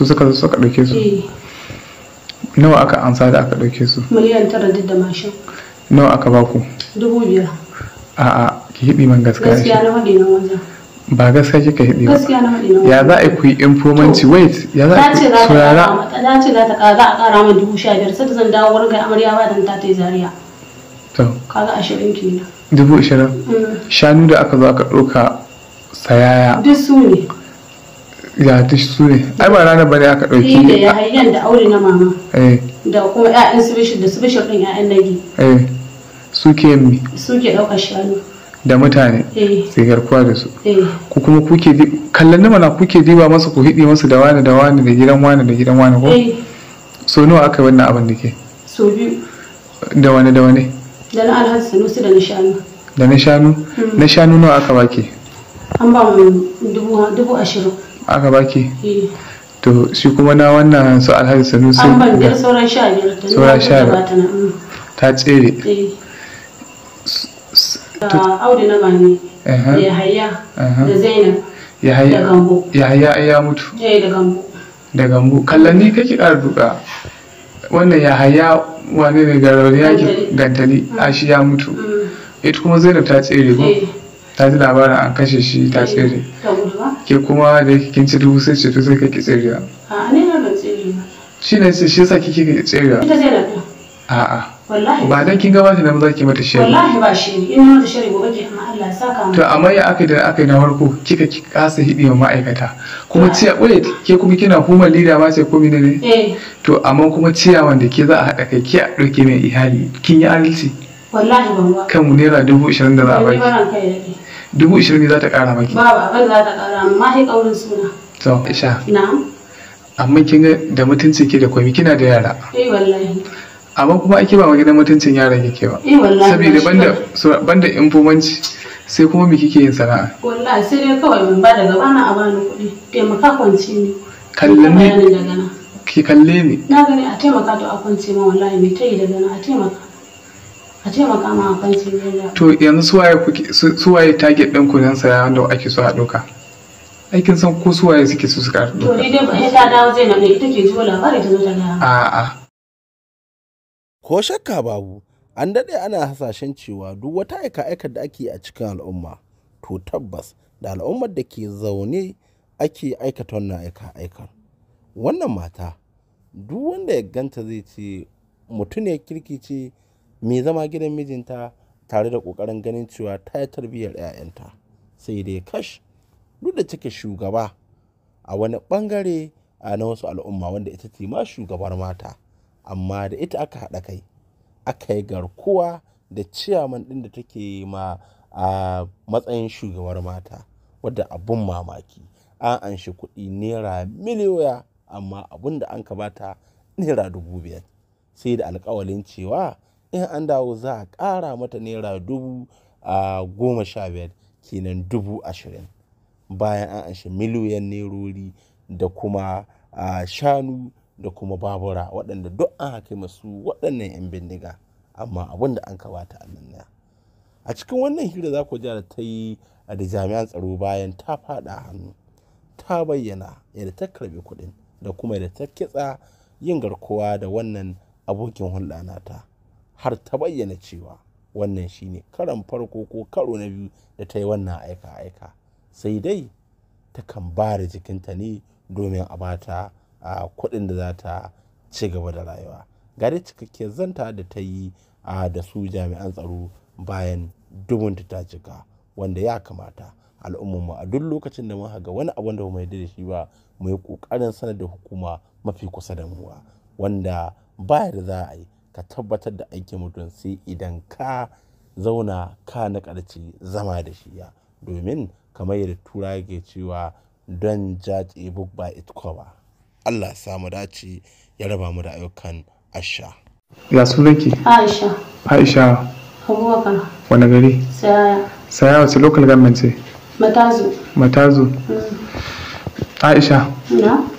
su suka zo suka ɗauke su eh. nawa aka ansa da aka ɗauke su miliyan tara duk da mashin nawa aka baku dubu biyar a'a ki hiɗi man gaskiya gaskiya na faɗi na wajen ba gaskiya ka hiɗi ba gaskiya na faɗi nan ya za a ku yi informanci wait ya za a ku saurara ta ce za ta ƙara za a ƙara min dubu sha biyar sai ta zan dawo wurin kai amarya ba dan ta ta yi zariya to kaga ashirin kenan dubu ashirin mm. shanu da aka zo aka ɗauka sayaya duk su ne ya ta su ne ai ba ranar bane aka dauki ne. da ya hailan da aure na mama eh. da kuma ƴaƴan su bishir da su bishir din ƴaƴan nagi eh yin mi suke dauka shanu da mutane eh. sai garkuwa da su eh. ku kuma kuke kallon na kuke diba masa ku hidi masa da wani da wani da gidan wani da gidan wani ko so nawa aka wannan abin da ke so biyu da wani da wani da na alhaji sanusi da na shanu da na shanu hmm. na shanu nawa aka baki an ba mu dubu ashirin aka baki eh. to shi kuma na wannan su alhaji sanusi an ban sauran sha biyar sauran sha biyar ta tsere audu na bani ya haya da zainab da gambo ya haya ya mutu eh, da gambo da gambo kallon ne kake ƙara duka wannan ya haya wani ne rauni yaki gantali a mm. shi ya mutu mm. ita kuma zainab ta tsere ko eh. ta ji labarin an kashe shi ta tsere ke kuma da kin ci dubu sai ce to sai kake tsiriya a ne na ban tsere ba shi ne sai shi yasa kike tsiriya ita ce da a'a wallahi ba dan kin gabata nan zaki mata shiri wallahi ba shi ne, in mata shiri gobe ke amma Allah ya saka mu to amma ya aka da aka na farko kika ki kasa ma ma'aikata kuma ciya wait ke kuma kina human leader ma sai komai ne eh to amma kuma ciya wanda ke za a hada kai ki a dauke mai ihali kin yi alci wallahi ban ba kan mu naira dubu 20 da za a baki dubu ishirin za ta kara maki ba ba za ta kara amma sai kaurin suna to isha na'am amma kin ga da mutunci ke da kwami kina da yara eh wallahi amma kuma ake ba gidan mutuncin yara ke ba eh wallahi saboda banda banda informanci sai kuma me kike yin sana'a wallahi sai dai kawai mun ba daga bana a bani kuɗi taimaka kwanci ne kalle ni ki kalle ni na gani a taimaka to a kwance ma wallahi me tayi daga na a taimaka a to yanzu suwaye kuke suwaye target din ku dan saya wanda ake so a ɗauka aikin san ko suwaye suke so su ƙara to ni dai ba ta dawo zai nan ita ke jiwo labari ta zo ta gaya a a ko shakka babu an dade ana hasashen cewa duk wata aika-aikar da ake a cikin al'umma to tabbas da al'ummar da ke zaune ake aikata wannan aika-aikar wannan mata duk wanda ya ganta zai ce mutum ya kirki ce mai zama gidan mijinta tare da ƙoƙarin ganin cewa ta yi tarbiyyar 'ya'yanta sai dai kash duk da take shugaba a wani ɓangare na wasu al'umma wanda ita ce ma shugabar mata amma da ita aka haɗa kai aka yi garkuwa da ciyaman ɗin da take ma a matsayin shugabar mata wadda abun mamaki an anshi kuɗi naira miliyoya amma abun da an ka bata naira dubu biyar sai da alkawalin cewa in an dawo za a ƙara mata naira dubu a goma sha biyar kenan dubu ashirin bayan an anshi miliyan nerori da kuma a shanu da kuma babura waɗanda duk an haka masu waɗannan 'yan bindiga amma abin da an kabata a nan a cikin wannan hira za ku da ta yi da jami'an tsaro bayan ta fada hannu ta bayyana yadda ta karbi kuɗin da kuma yadda ta kitsa yin garkuwa da wannan abokin hulɗa nata har ta bayyana cewa wannan shine karan farko ko karo na biyu da ta yi wannan aika-aika sai dai takan ba da jikinta ne domin a bata a kuɗin da za ta ci gaba da rayuwa gari cikakke zanta da ta yi a da su jami'an tsaro bayan dubunta ta cika wanda ya kamata al'ummanmu a duk lokacin da muka ga wani abun da mu yarda da shi ba mu yi ƙoƙarin sanar da hukuma mafi kusa da mu wanda ba da za a yi ka tabbatar da aikin mutum sai idan ka zauna ka na naƙarci zama da shi ya domin kamar yadda tura ke cewa don judge a book by its cover Allah samu dace ya raba mu da ayyukan asha ya sunanki aisha aisha abubakar wani gari saya saya wace local government ce matazu matazu mm. aisha na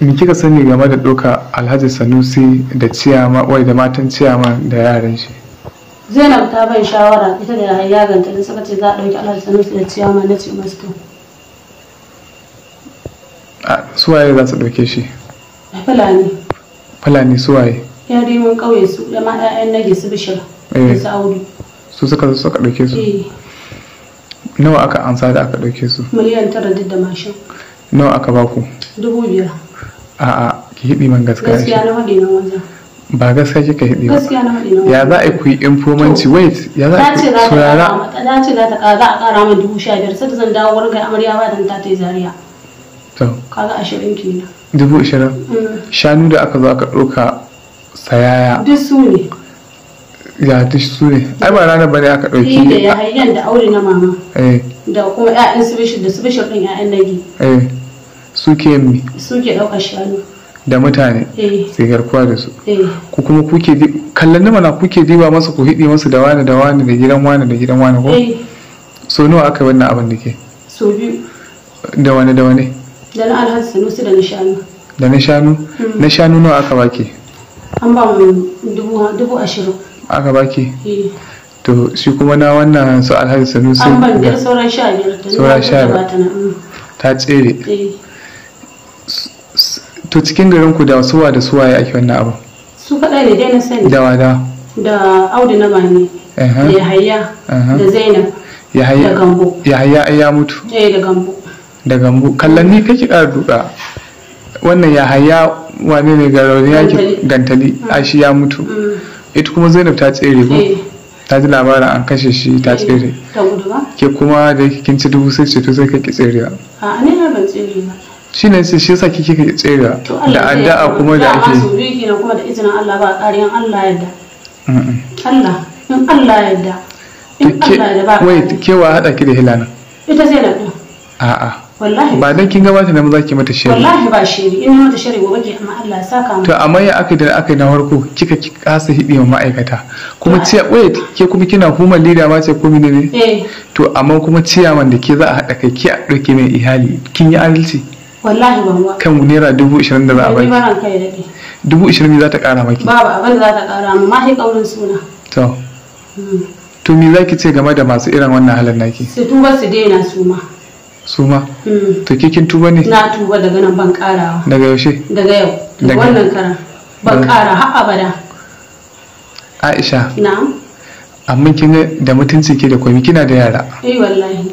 me kika sani game da doka alhaji sanusi da ciyama wai da matan ciyama da yaran shi zainab ta ban shawara ita da yaganta da suka ce za a ɗauki alhaji sanusi da ciyama na ce masu to suwaye za su ɗauke shi fulani fulani suwaye yan rimin ƙauye su da ma 'ya'yan nage su bishira da eh. su audu su suka zo suka ɗauke su eh. nawa aka ansa da aka ɗauke su miliyan tara duk da mashin nawa aka baku dubu biyar a'a ki hidi man gaskiya gaskiya na hadi na wajen ba gaskiya ka hidi ba gaskiya na hadi nan ya za a ku yi informanci wait ya za a surara za a ce za ta za a kara min dubu sha biyar sai zan dawo wurin kai amarya ba dan ta ta zariya to kaga ashirin kenan dubu ashirin mm. shanu da aka zo aka ɗauka sayaya duk su ne ya duk su ne ai ba ranar bane aka ɗauki ne da ya da aure na mama eh. da kuma 'ya'yan su bishir da su bishir ɗin 'ya'yan nagi eh. suke mi suke ɗaukar shanu da mutane eh. sai garkuwa da su eh. ku kuma kuke kallon nima na kuke diba masa ku hidi masu da wani da wani da gidan wani da gidan wani ko eh. so nawa aka wannan abin da ke so biyu da wani da wani da na alhaji sanusi da na shanu da na shanu hmm. na shanu nawa aka baki an ba mu dubu ashirin aka baki to shi kuma na wannan su alhaji sanusi an ban da sauran sha biyar hmm. ta tsere to cikin garin ku da suwa da suwa ya ake wannan abu su faɗa da dai na sani da wada da audu na bani da yahaya da zainab yahaya da gambo ya mutu eh da gambo da gambo kallon ni kake ƙara duka wannan yahaya wane ne ga rauni yake gantali a mm. shi ya mutu mm. ita kuma zainab ta tsere ko eh. ta ji labarin an kashe shi ta eh, tsere ke kuma da kin ci dubu sai ce to sai kake tsere ba a ne ban tsere ba shi ne sai shi yasa kike ka tsira da addu'a kuma da ake yi. ya kuma da izinin Allah ba Allah yadda Allah in ba wai a'a ba dan kin gabata na maza ki mata shiri wallahi ba shiri in mata shiri gobe ke, amma Allah ya saka mu to amma ya aka da aka na farko kika ki kasa ma ma'aikata kuma ce wait ke kuma kina Huma leader ma ce komai ne eh to amma kuma ciyaman da ke za a hada kai ki a dauke mai ihali kin yi adalci wallahi kan naira dubu ishirin da za a dubu ishirin za ta kara maki babu za ta hmm. ce game da masu irin wannan halin naki su tuba su daina su ma su hmm. ma to ke kin tuba ne na tuba daga nan ban karawa daga yaushe daga yau wannan kara ban kara har abada Aisha na'am amma kin da mutunci ke da kwami kina da yara eh wallahi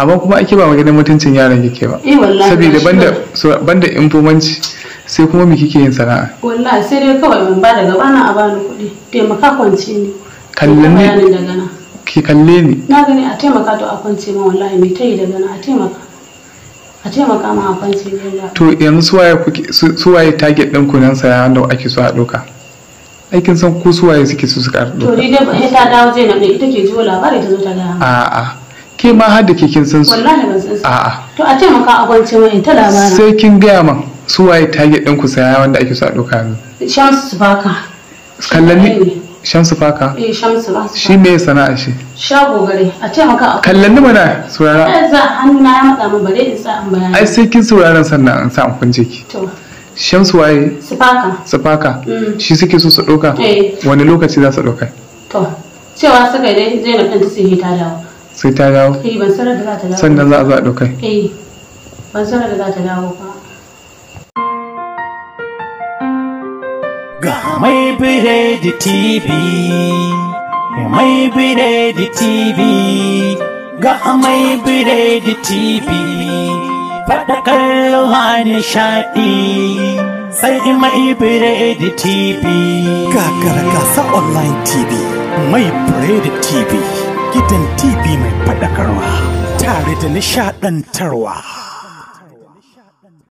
amma kuma ake ba maganin mutuncin yaran kike ba eh, saboda banda banda informanci sai kuma me kike yin sana'a wallahi sai dai kawai mun ba da gaba na a bani kuɗi taimaka kwance ne kallon ne ki kalle ni na gani a taimaka to a kwance ma wallahi me tayi daga na a taimaka a taimaka ma a kwance ne to yanzu suwaye kuke suwaye target ɗin ku nan saya wanda ake so a ɗauka aikin san ko suwaye suke so su ƙara ɗauka to ni dai ta dawo zai na ita ke jiwo labari ta zo ta ga a a kai ma har da ke kin san su wallahi ban san su a'a to a taimaka a gwance mai ta labara sai kin gaya ma su waye target ɗin ku saya wanda ake so a ɗauka ne shamsu baka kallani shamsu faka eh shamsu ba shi me sana'a shi shago gare a ce maka a kallanni mana saurara ai eh, za hannu na ya matsa min bare in sa an bayani ai sai kin sauraron sannan an sa an kunje ki to shamsu waye sifaka sifaka mm. shi suke so su ɗauka eh. wani lokaci za su ɗauka to cewa suka dai zai na ta sai ta dawo sai ta dawo eh ban sanar da za ta dawo sannan za a zo a dauka eh ban sanar da za ta dawo ba ga mai bire da tv mai bire da tv ga mai bire da tv faɗakar ruwa nishaɗi sai mai bire da tv gagara gasa online tv mai bire da tv gidan TV mai faɗakarwa tare da nishaɗantarwa.